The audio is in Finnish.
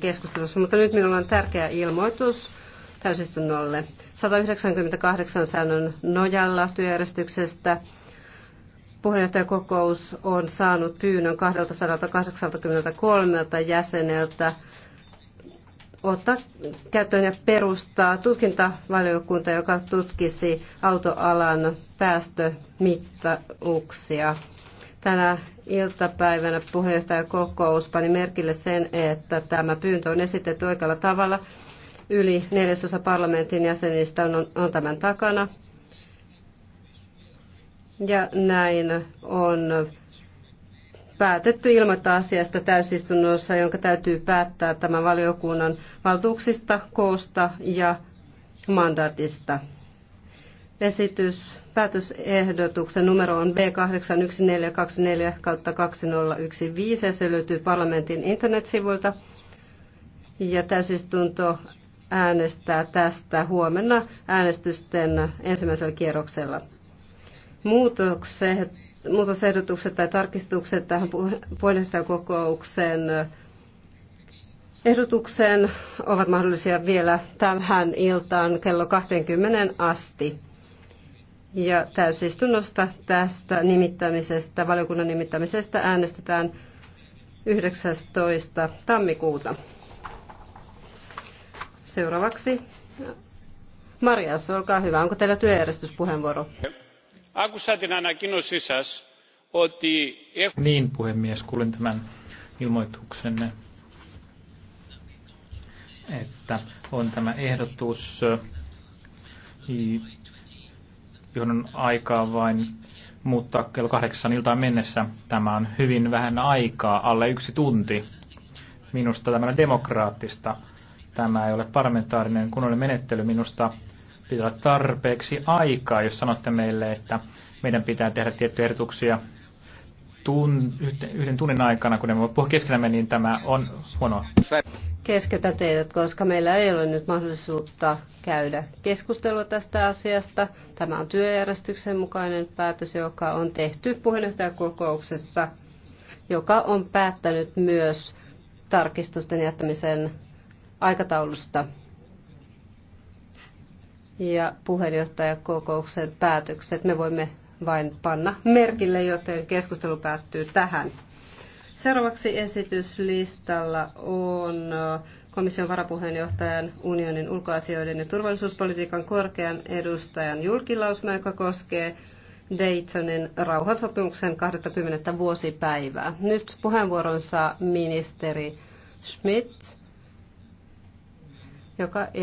keskustelussa, mutta nyt minulla on tärkeä ilmoitus täysistunnolle. 198 säännön nojalla työjärjestyksestä puheenjohtajakokous on saanut pyynnön 283 jäseneltä ottaa käyttöön ja perustaa tutkintavaliokunta, joka tutkisi autoalan päästömittauksia. Tänä iltapäivänä puheenjohtajakokous pani merkille sen, että tämä pyyntö on esitetty oikealla tavalla. Yli neljäsosa parlamentin jäsenistä on, on tämän takana. Ja näin on päätetty ilmoittaa asiasta täysistunnossa, jonka täytyy päättää tämän valiokunnan valtuuksista, koosta ja mandaatista esitys päätösehdotuksen numero on B81424 kautta 2015 ja se löytyy parlamentin internetsivuilta. Ja täysistunto äänestää tästä huomenna äänestysten ensimmäisellä kierroksella. Muutokset, muutosehdotukset tai tarkistukset tähän kokoukseen, eh, ehdotukseen ovat mahdollisia vielä tähän iltaan kello 20 asti. Ja täysistunnosta tästä nimittämisestä, valiokunnan nimittämisestä äänestetään 19. tammikuuta. Seuraavaksi Maria, olkaa hyvä. Onko teillä työjärjestyspuheenvuoro? Niin, puhemies, kuulin tämän ilmoituksenne, että on tämä ehdotus johon on aikaa vain muuttaa kello kahdeksan iltaan mennessä. Tämä on hyvin vähän aikaa, alle yksi tunti. Minusta tämä on demokraattista. Tämä ei ole parlamentaarinen kunnollinen menettely. Minusta pitää olla tarpeeksi aikaa, jos sanotte meille, että meidän pitää tehdä tiettyjä ehdotuksia tun, yhden tunnin aikana, kun ne voi puhua keskenämme, niin tämä on huono. Kesketä teidät, koska meillä ei ole nyt mahdollisuutta käydä keskustelua tästä asiasta. Tämä on työjärjestyksen mukainen päätös, joka on tehty puheenjohtajakokouksessa, joka on päättänyt myös tarkistusten jättämisen aikataulusta ja puheenjohtajakokouksen päätökset. Me voimme vain panna merkille, joten keskustelu päättyy tähän. Seuraavaksi esityslistalla on äh, komission varapuheenjohtajan unionin ulkoasioiden ja turvallisuuspolitiikan korkean edustajan julkilausma, joka koskee Daytonin rauhansopimuksen 20. vuosipäivää. Nyt puheenvuoronsa ministeri Schmidt, joka edustaa.